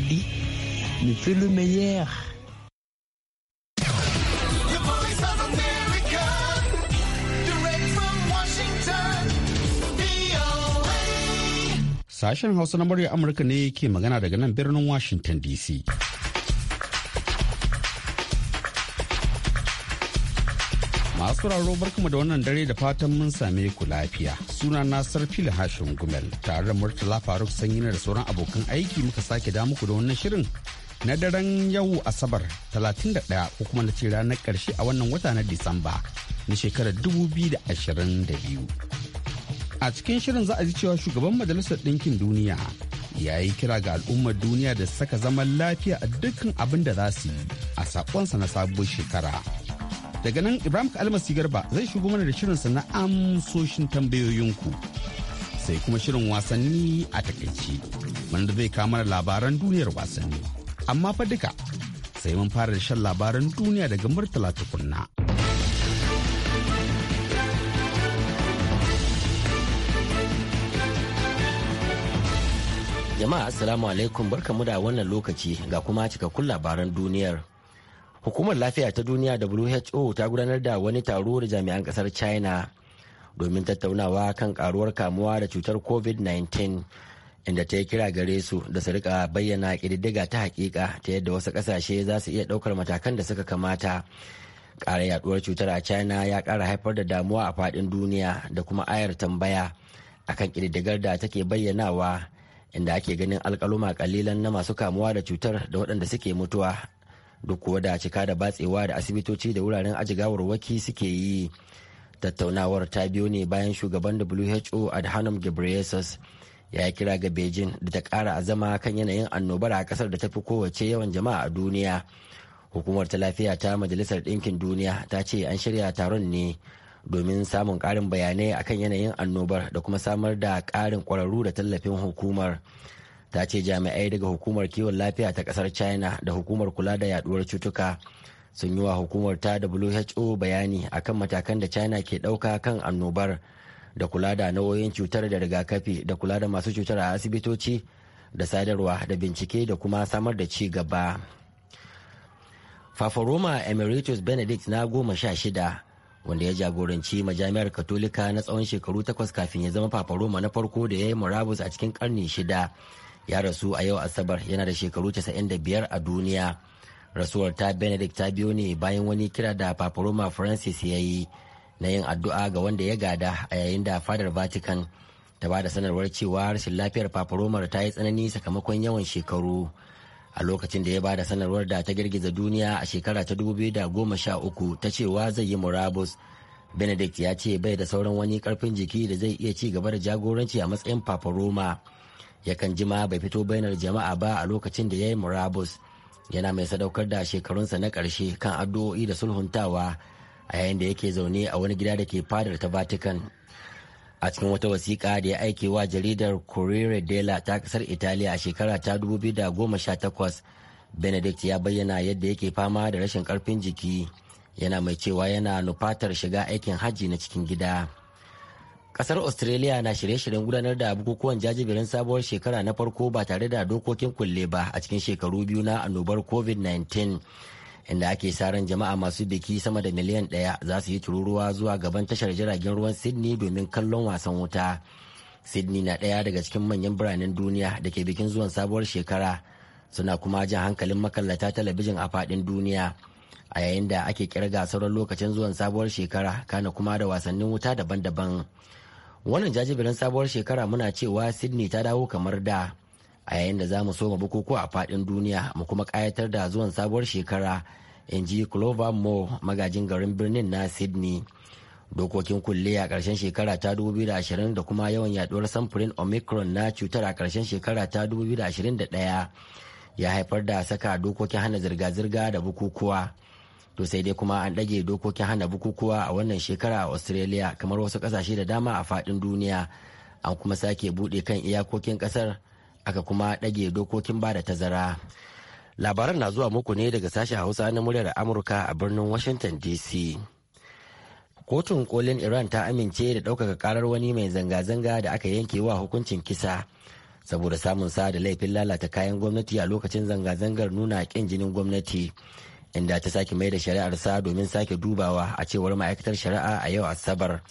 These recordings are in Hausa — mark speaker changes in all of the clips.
Speaker 1: dit, mais c'est le meilleur. Sashen Hausa na murya Amurka ne ke magana daga nan birnin Washington DC. sauraro raro barkamu da wannan dare da fatan mun same ku lafiya. Suna na Sarfil hashin Gumel tare da Murtala Faruk Sanyi da sauran abokan aiki muka sake da muku da wannan shirin na daren yau Asabar 31 ko kuma na ce ranar karshe a wannan wata na Disamba na shekarar 2022. A cikin shirin za a ji cewa shugaban Majalisar Ɗinkin Duniya ya yi kira ga al'ummar duniya da saka zaman lafiya a dukkan abin da za su yi a sakonsa na sabuwar shekara. daga nan ibrahim kalmasi garba zai shigo mana da shirinsa na amsoshin tambayoyinku sai kuma shirin wasanni a takaice wanda zai kama mana labaran duniyar wasanni amma fa duka sai mun fara da shan labaran duniya daga murtala tukunna
Speaker 2: jama'a assalamu alaikum barkamu da wannan lokaci ga kuma cikakkun labaran duniyar hukumar lafiya ta duniya who ta gudanar da wani taro da jami'an kasar china domin tattaunawa kan karuwar kamuwa da cutar covid-19 inda ta yi kira gare su da su rika bayyana kididdiga ta hakika ta yadda wasu kasashe za su iya daukar matakan da suka kamata ƙara yaduwar cutar a china ya ƙara haifar da damuwa a faɗin duniya da kuma ayar tambaya akan kididdigar da take bayyanawa inda ake ganin alkaluma kalilan na masu kamuwa da cutar da waɗanda suke mutuwa duk kuwa da cika da batsewa da asibitoci da wuraren aji gawarwaki suke yi tattaunawar ta biyo ne bayan shugaban who adhanom ghebreyesus ya kira ga beijing da ta kara azama kan yanayin annobar a kasar da ta fi kowace yawan jama'a a duniya hukumar ta lafiya ta majalisar ɗinkin duniya ta ce an shirya taron ne domin samun ƙarin bayanai akan yanayin annobar da kuma samar da ƙarin ƙwararru da tallafin hukumar ta ce jami'ai daga hukumar kiwon lafiya ta kasar china da hukumar kula da yaduwar cutuka sun yi wa hukumar ta who bayani akan matakan da china ke ɗauka kan annobar da kula da nauyin cutar da rigakafi da kula da masu cutar a asibitoci da sadarwa da bincike da kuma samar da ci gaba faforoma emeritus benedict na goma sha shida wanda ya jagoranci majami'ar katolika na tsawon shekaru takwas kafin ya zama fafaroma na farko da ya yi murabus a cikin karni shida ya rasu a yau asabar yana da shekaru 95 a duniya rasuwar ta benedict ta biyo ne bayan wani kira da paparoma francis ya yi na yin addu'a ga wanda ya gada a yayin da fadar vatican ta ba da sanarwar cewa rashin lafiyar paparomar ta yi tsanani sakamakon yawan shekaru a lokacin da ya ba da sanarwar da ta girgiza duniya a shekara ta goma sha uku ta cewa zai yi murabus benedict ya ce bai da sauran wani karfin jiki da zai iya ci gaba da jagoranci a matsayin paparoma. yakan jima bai fito bainar jama'a ba a lokacin da ya yi murabus yana mai sadaukar da shekarunsa na ƙarshe kan addu'o'i da sulhuntawa a yayin da yake zaune a wani gida da ke fadar ta vatican a cikin wata wasiƙa da ya aike wa jaridar corriere della ta ƙasar italiya a shekara ta 2018 benedict ya bayyana yadda yake fama da rashin ƙarfin jiki yana mai cewa yana nufatar shiga aikin hajji na cikin gida. Kasar Australia na shirye-shiryen gudanar da bukukuwan jajibirin sabuwar shekara na farko ba tare da dokokin kulle ba a cikin shekaru biyu na annobar COVID-19. Inda ake sa ran jama'a masu biki sama da miliyan ɗaya za su yi tururuwa zuwa gaban tashar jiragen ruwan Sydney domin kallon wasan wuta. Sydney na ɗaya daga cikin manyan biranen duniya da ke bikin zuwan sabuwar shekara suna kuma jan hankalin makallata talabijin a faɗin duniya. a yayin da ake kirga sauran lokacin zuwan sabuwar shekara kana kuma da wasannin wuta daban-daban wannan jajibirin sabuwar shekara muna cewa sydney ta dawo kamar da a yayin da za mu soma bukukuwa a faɗin duniya mu kuma ƙayatar da zuwan sabuwar shekara in ji clover mo magajin garin birnin na sydney dokokin kulle a ƙarshen shekara ta 2020 da kuma yawan yaduwar samfurin omicron na cutar a ƙarshen shekara ta 2021 ya haifar da saka dokokin hana zirga-zirga da bukukuwa to sai dai kuma an ɗage dokokin hana bukukuwa a wannan shekara a australia kamar wasu ƙasashe da dama a faɗin duniya an kuma sake buɗe kan iyakokin ƙasar aka kuma ɗage dokokin ba da tazara labaran na zuwa muku ne daga sashen hausa na muryar amurka a birnin washington dc kotun kolin iran ta amince da ɗaukaka karar wani mai zanga-zanga da aka yanke wa hukuncin kisa saboda samun sa da laifin lalata kayan gwamnati a lokacin zanga-zangar nuna kin jinin gwamnati inda ta sake mai da shari'ar sa domin sake dubawa a cewar ma'aikatar shari'a a yau asabar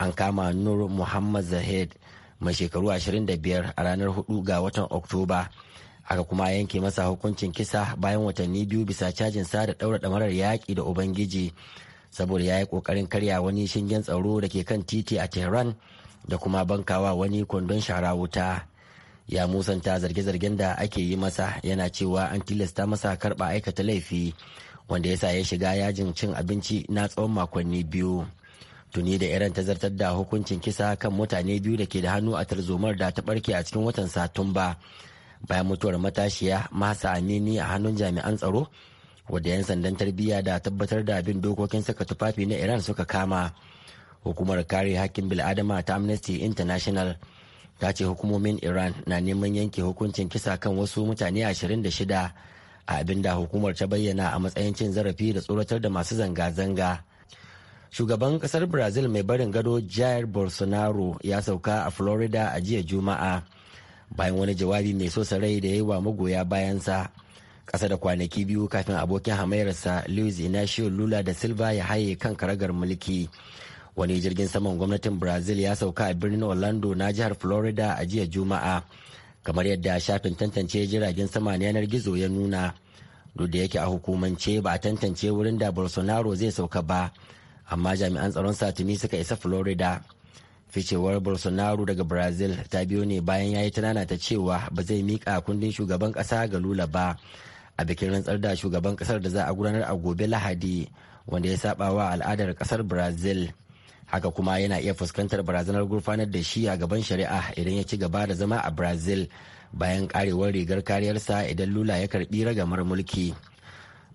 Speaker 2: an kama nur muhammad zahid mai shekaru 25 a ranar 4 ga watan oktoba aka kuma yanke masa hukuncin kisa bayan watanni biyu bisa cajin sa da daura damarar yaƙi da ubangiji saboda ya yi ƙoƙarin karya wani shingen tsaro da ke kan titi a tehran da kuma bankawa wani kwandon shara wuta ya musanta zarge-zargen da ake yi masa yana cewa an tilasta masa karba aikata laifi wanda ya sa ya shiga yajin cin abinci na tsawon makonni biyu tuni da iran ta zartar da hukuncin kisa kan mutane biyu da ke da hannu a tarzomar da ta barke a cikin watan satumba bayan mutuwar matashiya masa amini a hannun jami'an tsaro wadda 'yan sandan tarbiyya da tabbatar da bin dokokin saka tufafi na iran suka kama hukumar kare hakkin bil'adama ta amnesty international ta ce hukumomin iran na neman yanke hukuncin kisa kan wasu mutane 26 a abin da hukumar ta bayyana a matsayin cin zarafi da tsoratar da masu zanga-zanga shugaban kasar brazil mai barin gado jair bolsonaro ya sauka a florida a jiya juma'a bayan wani jawabi mai sosa rai da ya yi wa magoya bayansa ƙasa da kwanaki biyu kafin abokin hamayarsa luis inacio lula da silva ya haye kan karagar mulki wani jirgin saman gwamnatin brazil ya sauka a birnin orlando na jihar florida a jiya juma'a kamar yadda shafin tantance jiragen sama na yanar gizo ya nuna duk da yake a hukumance ba a tantance wurin da bolsonaro zai sauka ba amma jami'an tsaron satuni suka isa florida ficewar bolsonaro daga brazil ta biyo ne bayan ya yi tunana ta cewa ba zai mika kundin shugaban ƙasa ga lula ba a bikin rantsar da shugaban ƙasar da za a gudanar a gobe lahadi wanda ya saba wa al'adar ƙasar brazil haka kuma yana iya fuskantar barazanar gurfanar da shi a gaban shari'a idan ya ci gaba da zama a brazil bayan karewar rigar kariyarsa idan lula ya karbi ragamar mulki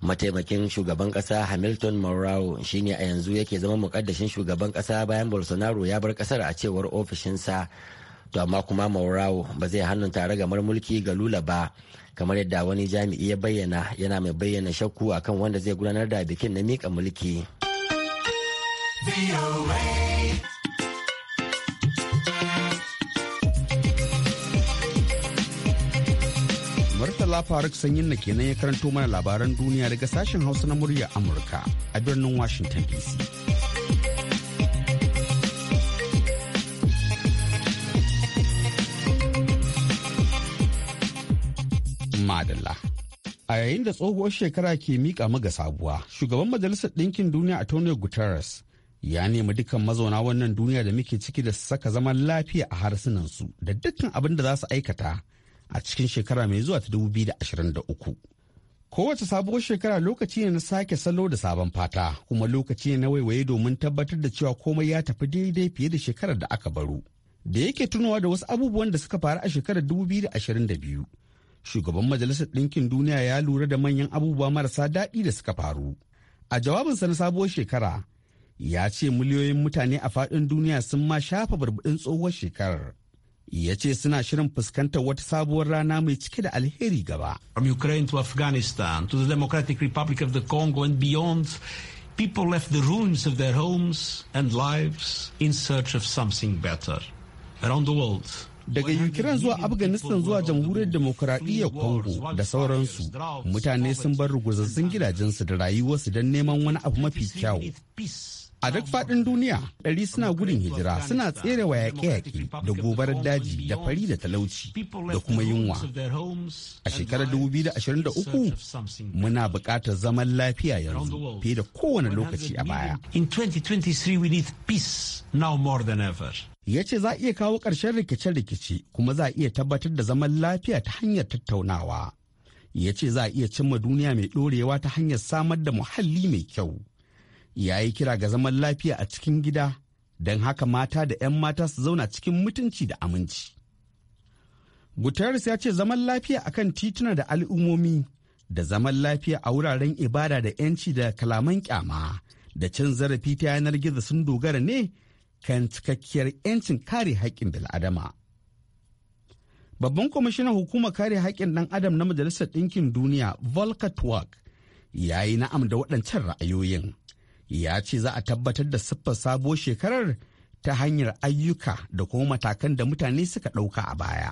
Speaker 2: mataimakin shugaban kasa hamilton morau shine a yanzu yake zama mukaddashin shugaban kasa bayan bolsonaro ya bar kasar a cewar ofishinsa to amma kuma morau ba zai hannunta ragamar mulki ga lula ba kamar yadda wani jami'i ya bayyana yana mai bayyana shakku akan wanda zai gudanar da bikin na mika mulki.
Speaker 1: Murtala Faruk Sanyin na kenan ya karanto mana labaran duniya daga sashen Hausa na murya Amurka a birnin Washington DC. Madalla. A yayin da tsohuwar shekara ke miƙa maga sabuwa, shugaban Majalisar Ɗinkin Duniya a Tony Guterres ya nemi dukkan mazauna wannan duniya da muke ciki da saka zaman lafiya a harsunansu da dukkan abin da za su aikata a cikin shekara mai zuwa ta 2023. Kowace sabuwar shekara lokaci ne na sake salo da sabon fata kuma lokaci ne na waiwaye domin tabbatar da cewa komai ya tafi daidai fiye da shekarar da aka baro. Da yake tunawa da wasu abubuwan da suka faru a shekarar 2022. Shugaban Majalisar Ɗinkin Duniya ya lura da manyan abubuwa marasa daɗi da suka faru. A jawabinsa na sabuwar shekara, ya ce miliyoyin mutane a faɗin duniya sun ma shafa barbaɗin tsohuwar shekarar ya ce suna shirin fuskantar wata sabuwar rana mai cike da alheri gaba. From
Speaker 3: Ukraine to Afghanistan to the Democratic Republic of the Congo and beyond, people left the ruins of their homes and lives in search of something better. Around the world,
Speaker 1: daga ukraine zuwa afghanistan zuwa jamhuriyar demokuraɗiyyar congo da sauransu mutane sun bar ruguzazzun gidajensu da rayuwarsu don neman wani abu mafi kyau A duk faɗin duniya, ɗari suna gudun hijira suna tsere wa yaƙe-yaƙe da gobarar daji da fari da talauci da kuma yunwa. A shekarar 2023 muna buƙatar zaman lafiya yanzu fiye da kowane lokaci a baya. In 2023 we need peace now more than ever. Ya ce za a iya kawo ƙarshen rikice-rikice kuma za a iya tabbatar da zaman lafiya ta hanyar tattaunawa. Ya ce za a iya cimma duniya mai ɗorewa ta hanyar samar da muhalli mai kyau. ya yi kira ga zaman lafiya a cikin gida don haka mata da 'yan mata su zauna cikin mutunci da aminci. Guterres ya ce zaman lafiya a kan tituna da al'ummomi da zaman lafiya a wuraren ibada da 'yanci da kalaman kyama da cin zarafi ta yanar gizo sun dogara ne kan cikakkiyar 'yancin kare haƙƙin bil'adama. Babban kwamishinan hukumar kare haƙƙin ɗan adam na Majalisar Ɗinkin Duniya Volker Twerk, ya yi na'am da waɗancan ra'ayoyin. ya ce za a tabbatar da siffar sabuwar shekarar ta hanyar ayyuka da kuma matakan da mutane suka ɗauka a baya.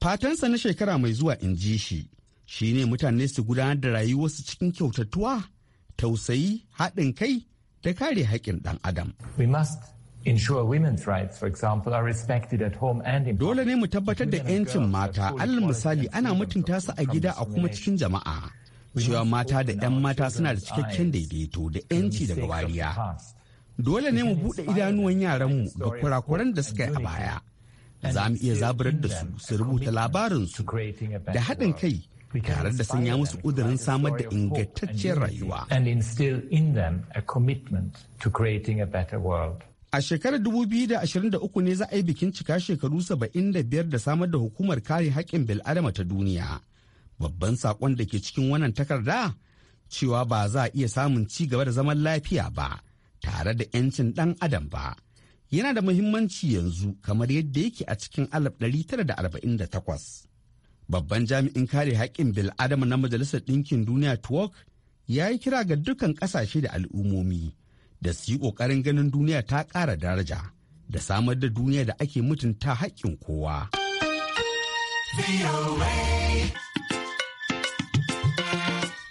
Speaker 1: Fatansa na shekara mai zuwa in ji shi, shi ne mutane su gudanar da rayuwarsu cikin kyautatuwa, tausayi, haɗin kai da kare haƙƙin ɗan adam. Dole ne mu tabbatar da 'yancin mata, alal misali ana mutunta su a gida a kuma cikin jama'a. cewa mata da 'yan mata suna da cikakken daidaito da 'yanci daga wariya. Dole ne mu buɗe idanuwan yaranmu ga kurakuran da suka yi a baya. Za mu iya zaburar da su su rubuta labarinsu da haɗin kai tare da sanya musu ƙudurin samar da ingantacciyar rayuwa. A shekarar 2023 ne za a yi bikin cika shekaru 75 da samar da hukumar kare haƙƙin bil'adama ta duniya. babban sakon da ke cikin wannan takarda cewa ba za a iya samun ci gaba da zaman lafiya ba tare da 'yancin ɗan adam ba yana da muhimmanci yanzu kamar yadda yake a cikin 1948 babban jami'in kare haƙƙin bil'adama na majalisar ɗinkin duniya tuwok ya yi kira ga dukkan ƙasashe da al'ummomi da su yi ƙoƙarin ganin duniya ta ƙara daraja da samar da duniya da ake mutunta haƙƙin kowa.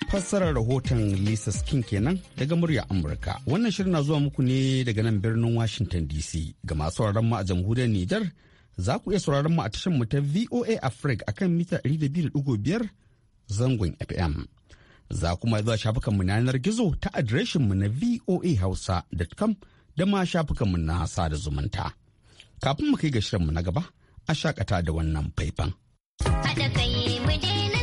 Speaker 1: fassarar rahoton Lisa Skin kenan daga murya Amurka. Wannan shirin na zuwa muku ne daga nan birnin Washington DC. Ga masu sauraron mu a jamhuriyar Nijar, za ku iya sauraron mu a tashar mu ta VOA Africa akan mita 200.5 zangon FM. Za kuma zuwa shafukan mu na yanar gizo ta adireshin mu na voahausa.com da ma shafukan mu na sada zumunta. Kafin mu kai ga shirin mu na gaba, a shakata da wannan faifan.
Speaker 4: Haɗa kai mu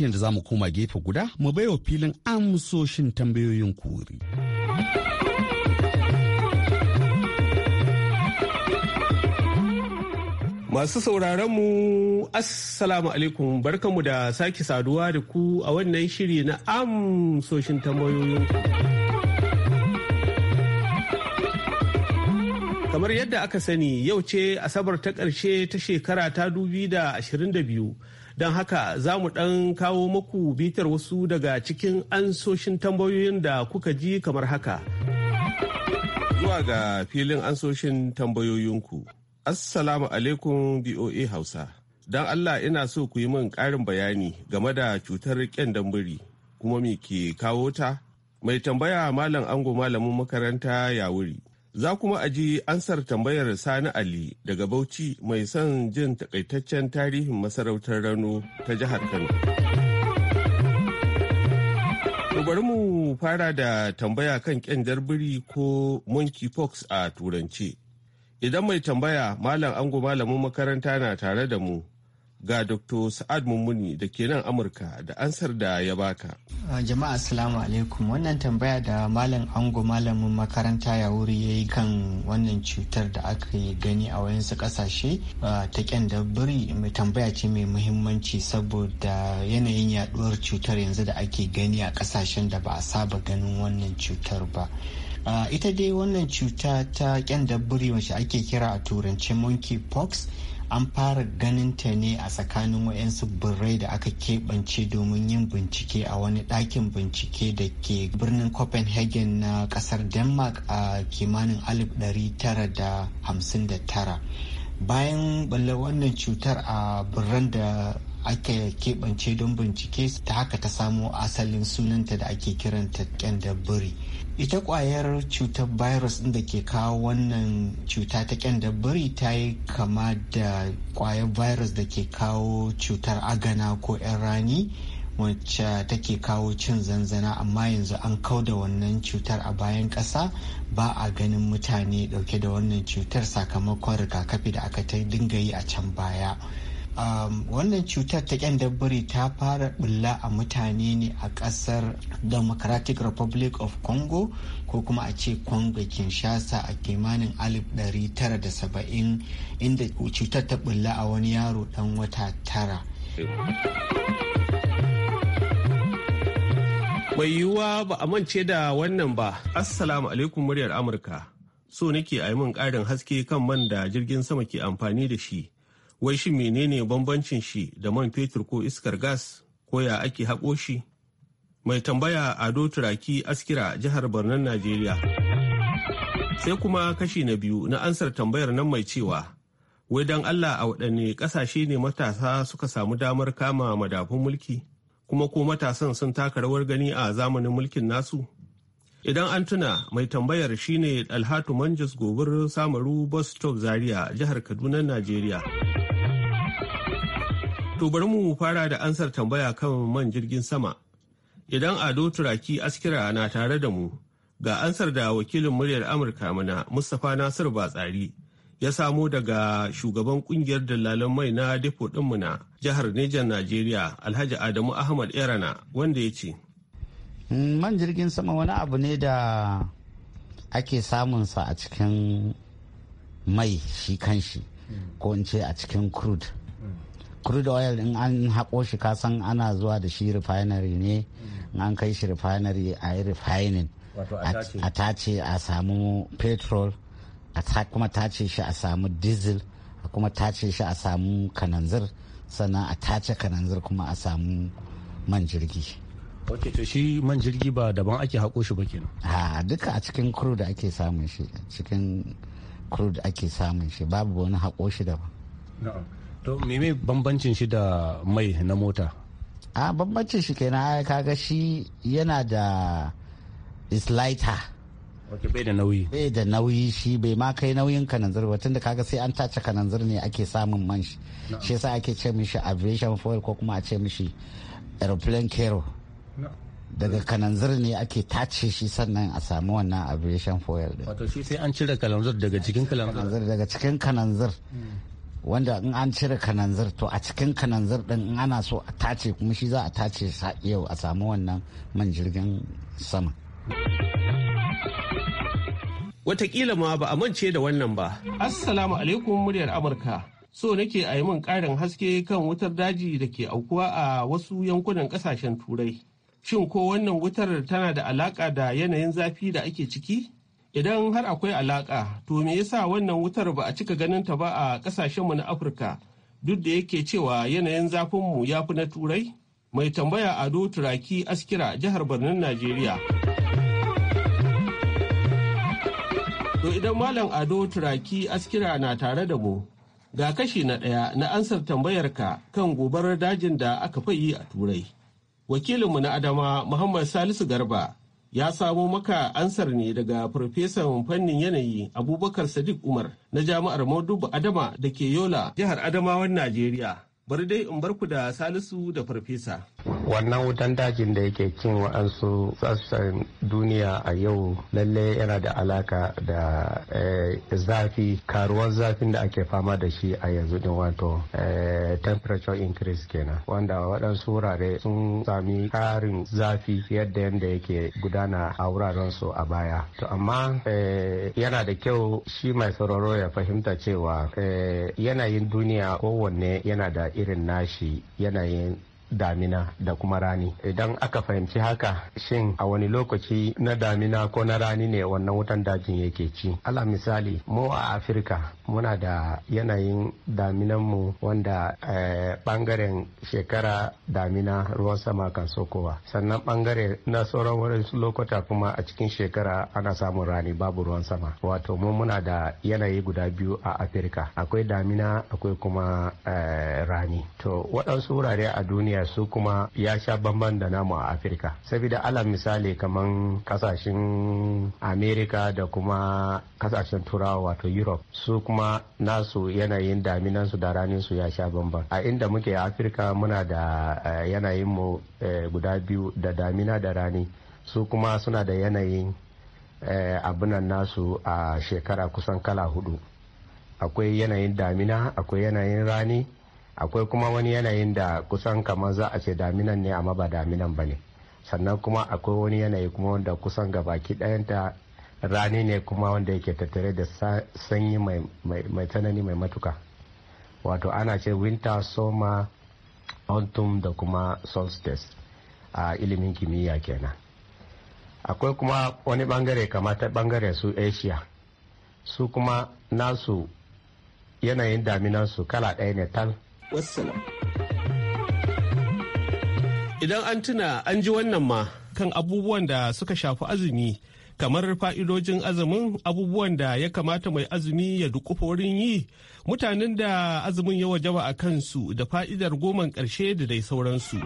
Speaker 1: lokacin yadda za mu koma gefe guda mu baiwa filin amsoshin tambayoyin kuri. Masu sauraron
Speaker 3: mu Assalamu alaikum barkanmu da sake saduwa da ku a wannan shiri na amsoshin tambayoyin Kamar yadda aka sani yau ce Asabar ta ƙarshe ta shekara ta dubi da don haka za mu ɗan kawo maku bitar wasu daga cikin ansoshin tambayoyin da kuka ji kamar haka. Zuwa ga filin ansoshin tambayoyinku. Assalamu alaikum BOA Hausa. Don Allah ina so ku yi min ƙarin bayani game da cutar ƙyandan biri kuma me ke kawo ta? Mai tambaya malam ango malamin makaranta ya wuri. Za kuma a ji ansar tambayar Sani Ali daga Bauchi mai son jin takaitaccen tarihin masarautar Rano ta jihar Kano. bari mu fara da tambaya kan kyandar biri ko monkeypox a turance. Idan mai tambaya malam ango malamin makaranta na tare da mu ga dr sa'ad mummuni da ke nan amurka da ansar da ya baka
Speaker 5: ah, jama'a assalamu alaikum wannan tambaya da malam ango malamin makaranta ya wuri ya yi kan wannan cutar da aka yi gani a wayansu kasashe ah, ta kyan mai tambaya ce mai muhimmanci saboda yanayin yaduwar cutar yanzu da ake gani a kasashen da ba a saba ganin wannan cutar ba ah, ita dai wannan cuta ta kyan biri wacce ake kira a turance monkey pox an fara ganin ta ne a tsakanin wayansu birrai da aka keɓance domin yin bincike a wani ɗakin bincike da ke birnin copenhagen na ƙasar denmark a kimanin 1959 bayan balle wannan cutar a birran da aka keɓance don bincike ta haka ta samo asalin sunanta da ake kiranta kyan da biri ita kwayar cutar virus ɗin da ke kawo wannan cuta ta biri ta yi kama da kwayar virus da ke kawo cutar agana ko 'yan rani wacce take kawo cin zanzana amma yanzu an kau da wannan cutar a bayan ƙasa ba a ganin mutane dauke da wannan cutar sakamakon rigakafi da aka ta dinga yi a can baya. Um, wannan cutar ta kyan ta fara bulla a mutane ne a kasar democratic republic of congo ko kuma a ce congo kinshasa a kimanin 1970 inda cutar ta bulla a wani yaro dan wata tara
Speaker 3: Mai yiwuwa ba a mance da wannan ba. Assalamu alaikum muryar Amurka. So nake a yi min ƙarin haske kan man da jirgin sama ke amfani da shi wai shi menene bambancin shi da man fetur ko iskar gas ko ya ake haƙo shi mai tambaya ado turaki askira jihar barnan najeriya sai kuma kashi na biyu na ansar tambayar nan mai cewa wai don allah a waɗanne ƙasashe ne matasa suka samu damar kama madafun mulki kuma ko matasan sun taka rawar gani a zamanin mulkin nasu idan an tuna mai tambayar shine alhatu manjus gobir samaru bus stop zaria jihar kaduna najeriya To bari mu fara da ansar tambaya kan man jirgin sama. Idan Ado Turaki Askira na tare da mu, ga ansar da wakilin muryar Amurka mana Mustapha Nasir Batsari ya samo daga shugaban kungiyar dalalan mai na depo dinmu na jihar Nijar Najeriya Alhaji Adamu Ahmad Erana wanda ya ce.
Speaker 6: Man jirgin sama wani abu ne da ake samunsa a cikin mai shi kanshi ko in ce a cikin crude. crude oil in an haƙo shi kasan ana zuwa da shi refinery ne in an kai shi refinery a yi refining
Speaker 2: a
Speaker 6: tace a samu petrol a kuma tace shi a samu diesel a kuma tace shi a samu kananzir sannan a tace kananzir kuma a samu man jirgi ok to shi man jirgi ba daban ake haƙo shi ba kenan ha duka a cikin crude ake samun shi cikin crude ake samun shi babu wani haƙo shi daban to meme bambancin shi da mai na mota a bambancin shi kenan kaga shi yana da is lighter okay, bai da nauyi bai da nauyi shi bai ma kai nauyin kananzir ba tunda kaga sai an tace kananzir ne ake samun man shi shi yasa ake ce mishi aviation fuel ko kuma a ce mishi aeroplane kero daga kananzir ne ake tace shi sannan a samu wannan aviation foil din wato shi sai an cire kananzir daga cikin kananzir daga cikin kananzir hmm. wanda in an cire kananzir to a cikin kananzir din in ana so a tace kuma shi za a tace yau a samu wannan man jirgin sama
Speaker 3: Wataƙila ma ba a mance da wannan ba assalamu alaikum muryar amurka so nake a yi min ƙarin haske kan wutar daji da ke aukuwa a wasu yankunan ƙasashen turai shin ko wannan wutar tana da alaƙa da yanayin zafi da ake ciki Idan har akwai alaka to me yasa wannan wutar ba a cika ganin ta ba a mu na Afirka duk da yake cewa yanayin zafinmu ya fi na Turai? Mai tambaya Ado Turaki Askira jihar Birnin Najeriya. To idan Malam Ado Turaki Askira na tare da mu, ga kashi na ɗaya na ansar tambayarka kan gobarar dajin da aka fayi a Turai. Wakilinmu na Adama Muhammad Salisu Garba ya samo maka ansar ne daga farfesan fannin yanayi abubakar sadiq umar na jami'ar modubu adama da ke yola jihar adamawan najeriya bari dai in bar ku da salisu da farfesa
Speaker 7: wannan wutan dajin da yake cin wa'ansu sassan duniya a yau lalle yana da alaka da eh, zafi karuwan zafin da ake fama da shi a yanzu din wato eh, temperature increase kenan wanda waɗansu wurare sun sami karin zafi yadda yadda yake gudana a wuraren su a baya to amma eh, yana da kyau shi mai sauraro ya fahimta cewa yanayin duniya kowanne yana da irin nashi yanayin damina da kuma rani idan aka fahimci haka shin a wani lokaci na damina ko na rani ne wannan wutan dajin yake ci ala misali mu a afirka muna da yanayin mu wanda bangaren eh, shekara damina ruwan sama kan sokowa sannan bangare na sauran wurin lokuta kuma a cikin shekara ana samun rani babu ruwan sama wato mu muna da yanayi guda biyu a afirka akwai damina akwai kuma eh, rani to waɗansu wurare a duniya da su kuma ya sha bamban da namu a afirka saboda alal misali kamar kasashen amerika da kuma kasashen turawa wato europe su kuma nasu yanayin daminansu da raninsu ya sha bamban a inda muke a afirka muna da eh, yanayin mu eh, guda biyu da damina da rani su kuma suna da yanayin eh, abunan nasu a shekara kusan kala hudu akwai yanayin damina akwai yanayin rani akwai kuma wani yanayin da kusan kama za a ce daminan ne amma ba daminan ba ne sannan kuma akwai wani yanayi kuma wanda kusan gabaki ɗayanta rani ne kuma wanda yake tattare da sanyi mai tsanani mai matuka wato ana ce winter summer autumn da kuma solstice a ilimin kimiyya kenan akwai kuma wani bangare kamar ta bangare su asia su kuma nasu yanayin daminansu kala ɗaya ne tal Wassalam.
Speaker 3: Idan an tuna an ji wannan ma kan abubuwan da suka shafi azumi kamar fa'idojin azumin abubuwan da ya kamata mai azumi ya dukufa wurin yi mutanen da azumin ya wajaba a kansu da fa'idar goman ƙarshe da dai sauransu.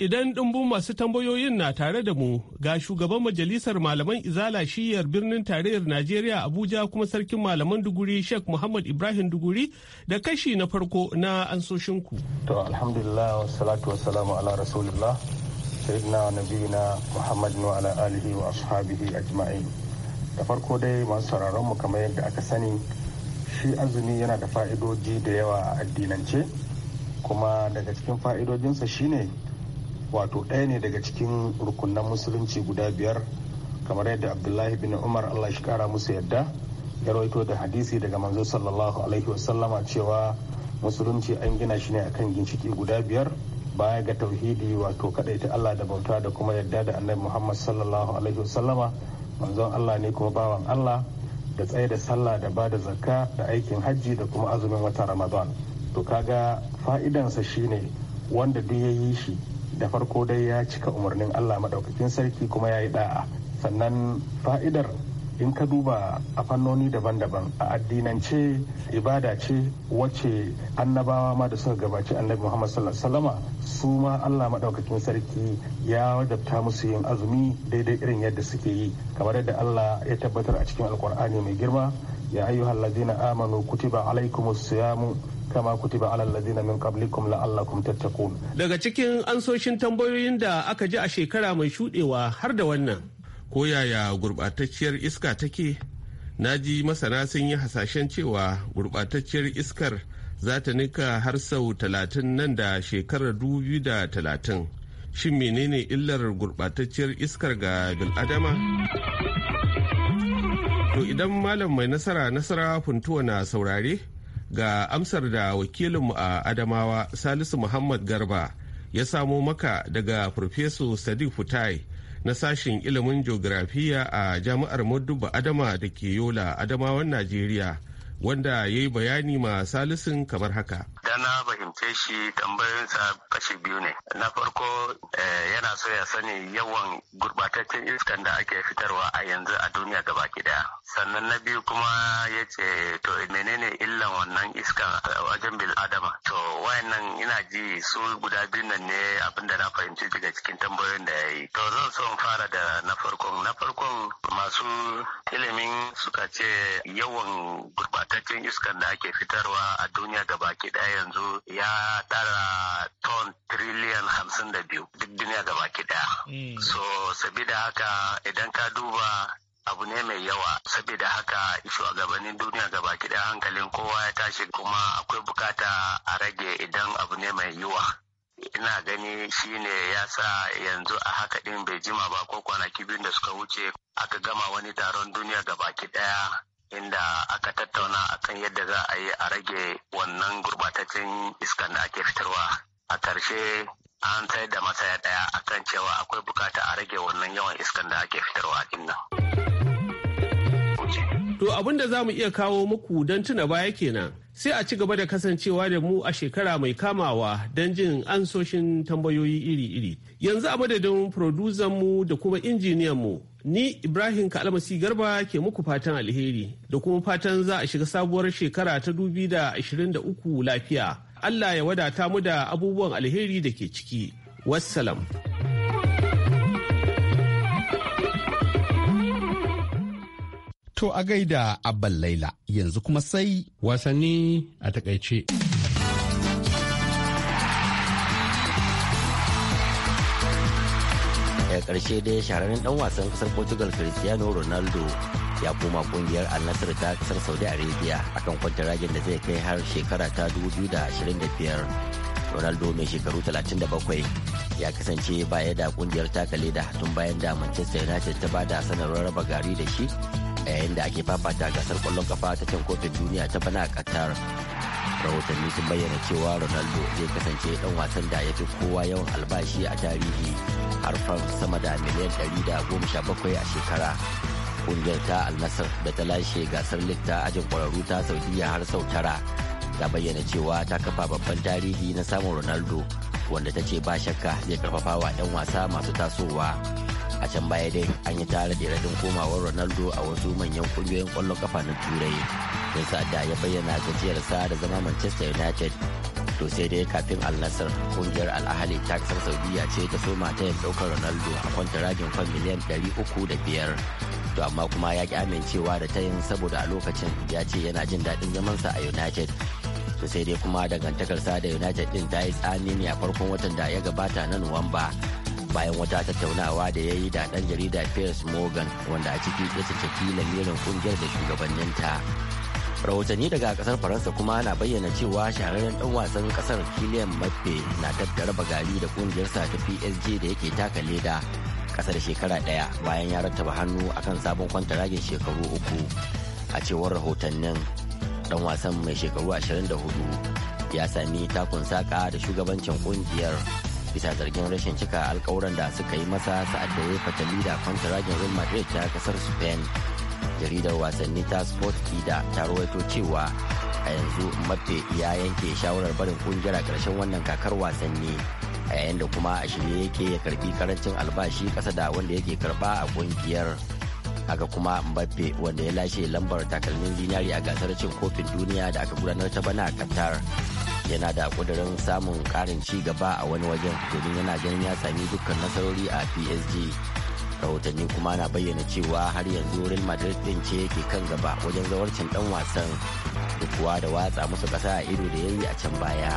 Speaker 3: Idan ɗumbun masu tambayoyin na tare da mu ga shugaban majalisar malaman izala shiyar birnin tarayyar Najeriya Abuja kuma sarkin malaman duguri Sheikh Muhammad Ibrahim duguri da kashi na farko na ansoshinku.
Speaker 8: To alhamdulillah wassalatu wassalamu ala na sayyidina nabiyina Muhammad wa ala alihi wa ashabihi ajma'in. Da farko dai masu sauraron mu kamar yadda aka sani shi azumi yana da fa'idoji da yawa a addinance kuma daga cikin fa'idojinsa shine wato ɗaya ne daga cikin rukunan musulunci guda biyar kamar yadda abdullahi bin umar allah shi kara musu yadda ya rawaito da hadisi daga manzo sallallahu alaihi wasallama cewa musulunci an gina shi ne akan ginshiki guda biyar baya ga tauhidi wato ta allah da bauta da kuma yadda da annabi muhammad sallallahu alaihi wasallama manzon allah ne kuma bawan allah da tsaye da sallah da ba da zakka da aikin hajji da kuma azumin wata ramadan to kaga fa'idansa shine wanda duk ya yi shi da farko dai ya cika umarnin allah maɗaukakin sarki kuma ya yi da'a sannan fa'idar in ka duba a fannoni daban-daban a addinance ibada ce wacce annabawa ma da suka gabaci annabi muhammad sallallahu su ma allah maɗaukakin sarki ya wadabta musu yin azumi daidai irin yadda suke yi kamar yadda allah ya tabbatar a cikin alkur'ani mai girma ya ayyuhal ladina amanu kutiba alaikumus siyamu kama kutiba alal ladina min qablikum la'allakum tattaqun
Speaker 3: daga cikin ansoshin tambayoyin da aka ji a shekara mai shuɗewa har da wannan
Speaker 8: ko yaya gurɓatacciyar iska take
Speaker 3: na ji masana sun yi hasashen cewa gurbatacciyar iskar za ta nika har sau talatin nan da shekarar dubu da talatin shin menene illar gurɓatacciyar iskar ga bil'adama to idan malam mai nasara nasara funtuwa na saurare ga amsar da wakilinmu a adamawa salisu muhammad garba ya samo maka daga farfeso sadiq futai na sashen ilimin geografiya a jami'ar maduba adama da ke yola adamawan najeriya wanda ya yi bayani ma salisun kamar haka
Speaker 9: dana fahimce shi tambayoyinsa kashi biyu ne na farko eh, yana so ya sani yawan gurbataccen iskan da ake fitarwa a yanzu a duniya gaba daya sannan na biyu kuma ya ce to menene illan wannan iska a wajen bil adama to wayannan ina ji su guda biyu nan ne abinda na fahimci daga cikin tambayoyin da ya yi to zan so fara da na farkon na farkon masu ilimin suka ce yawan gurbataccen iskan da ake fitarwa a duniya baki daya yanzu ya tara ton triliyan hamsin da biyu duk duniya baki daya mm. so sabida haka idan ka duba abu ne mai yawa saboda haka shugabannin duniya gaba kiɗa hankalin kowa ya tashi kuma akwai bukata a rage idan abu ne mai yiwa ina gani shine ya sa yanzu a haka ɗin bai jima ba ko kwanaki biyu da suka wuce aka gama wani taron duniya gaba ɗaya inda aka tattauna akan yadda za a yi a rage wannan gurbataccen iskan da ake fitarwa a ƙarshe an tsayar da masaya ɗaya akan cewa akwai bukata a rage wannan yawan iskan da ake fitarwa a nan.
Speaker 3: To abin da za mu iya kawo muku don tuna baya kenan. Sai a ci gaba da kasancewa da mu a shekara mai kamawa don jin ansoshin tambayoyi iri-iri. Yanzu a madadin mu da kuma mu ni Ibrahim Kalmasi Garba ke muku fatan alheri da kuma fatan za a shiga sabuwar shekara ta da uku lafiya. Allah ya wadata mu da abubuwan alheri da ke ciki. Wassalam.
Speaker 1: To a gaida abban Laila yanzu kuma sai wasanni a takaice.
Speaker 2: daga ƙarshe dai shahararren ɗan wasan kasar portugal cristiano ronaldo ya koma ƙungiyar al-nassr ta kasar saudi arabia akan ragin da zai kai har shekara ta 2025 ronaldo mai shekaru 37 ya kasance baya da kungiyar taka tun bayan da manchester united ta bada sanarwar raba gari da shi yayin da ake fafata gasar kwallon kafa ta cin kofin duniya ta bana a qatar rahotanni sun bayyana cewa ronaldo zai kasance dan wasan da ya fi kowa yawan albashi a tarihi har sama da miliyan 117 a shekara kungiyar ta alnasar da ta lashe gasar litta ajin kwararru ta saudiya har sau tara ta bayyana cewa ta kafa babban tarihi na samun ronaldo wanda ta ce ba shakka zai karfafa wa 'yan wasa masu tasowa a can baya dai an yi tare da iradin komawar ronaldo a wasu manyan kungiyoyin kwallon kafa na turai don da ya bayyana gajiyarsa da zama manchester united to sai dai kafin al ƙungiyar kungiyar al ahali ta kasar saudiya ce ta soma ta yin daukar ronaldo a kwanta ragin kwan miliyan biyar, to amma kuma ya ki amincewa da ta yin saboda a lokacin ya ce yana jin daɗin zamansa a united to sai dai kuma dangantakarsa da united din ta yi tsami ne a farkon watan da ya gabata na nuwamba bayan wata tattaunawa da ya yi da ɗan jarida Piers Morgan wanda a ciki ya ciki lamirin kungiyar da shugabanninta. Rahotanni daga kasar Faransa kuma na bayyana cewa shahararren dan wasan kasar Kylian Mbappe na tattara bagari da kungiyarsa ta PSG da yake taka leda kasa shekara daya bayan ya rattaba hannu akan sabon kwantaragin shekaru uku. A cewar rahotannin dan wasan mai shekaru 24 ya sami takun saka da shugabancin kungiyar bisa zargin rashin cika alkawuran da suka yi masa sa'ad da ya yi fatali da kwantaragin real madrid ta kasar spain jaridar wasanni ta sport ida ta rawaito cewa a yanzu mafe ya yanke shawarar barin kungiyar a ƙarshen wannan kakar wasanni a yayin da kuma a shirye yake ya karbi karancin albashi kasa da wanda yake karba a kungiyar haka kuma mbappe wanda ya lashe lambar takalmin zinari a gasar cin kofin duniya da aka gudanar ta bana a qatar yana da kudurin samun karin ci gaba a wani wajen domin yana ganin ya sami dukkan nasarori a psg rahotanni kuma na bayyana cewa har yanzu real madrid din ce yake kan gaba wajen zawarcin dan wasan duk da watsa musu kasa a ido da yayi a can baya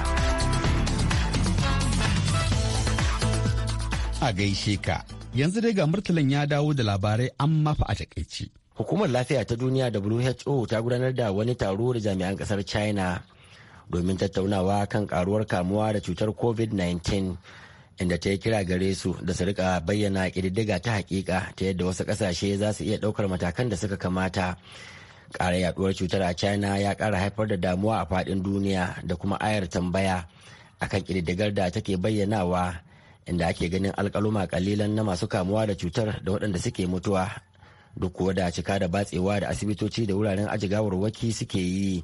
Speaker 2: a gaishe ka yanzu dai ga murtalan ya dawo da labarai an mafa a takaici hukumar lafiya ta duniya who ta gudanar da wani taro da jami'an kasar china domin tattaunawa kan karuwar kamuwa da cutar covid-19 inda ta yi kira gare su da su rika bayyana kididdiga ta hakika ta yadda wasu kasashe za su iya daukar matakan da suka kamata ƙara yaduwar cutar a china ya ƙara haifar da damuwa a faɗin duniya da kuma ayar tambaya akan kididdigar da take bayyanawa inda ake ganin alkaluma kalilan na masu kamuwa da cutar da waɗanda suke mutuwa duk kuwa da cika da batsewa da asibitoci da wuraren ajigawar waki suke yi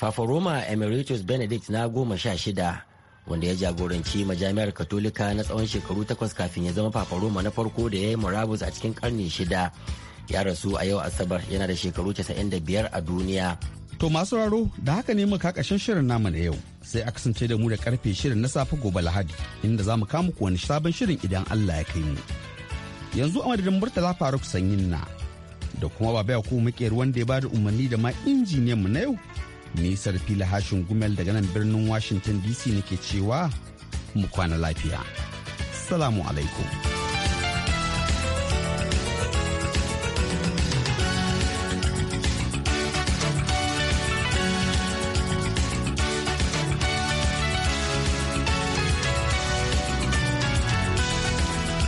Speaker 2: Faforoma Emeritus Benedict na goma sha shida wanda ya jagoranci majami'ar Katolika na tsawon shekaru takwas kafin ya zama Faforoma na farko da ya yi murabus a cikin karni shida. Ya rasu a yau Asabar yana da shekaru 95 a duniya.
Speaker 1: To masu raro da haka ne muka kashin shirin namu na yau sai a kasance da mu da karfe shirin na safe gobe Lahadi inda za mu kama ku sabon shirin idan Allah ya kai mu. Yanzu a madadin Murtala Faruk Sanyin na da kuma Baba muke ruwan wanda ya bada umarni da ma injiniyan mu na yau Nisar fila hashin gumel daga nan birnin Washington DC nake cewa mu kwana lafiya. Salamu alaikum.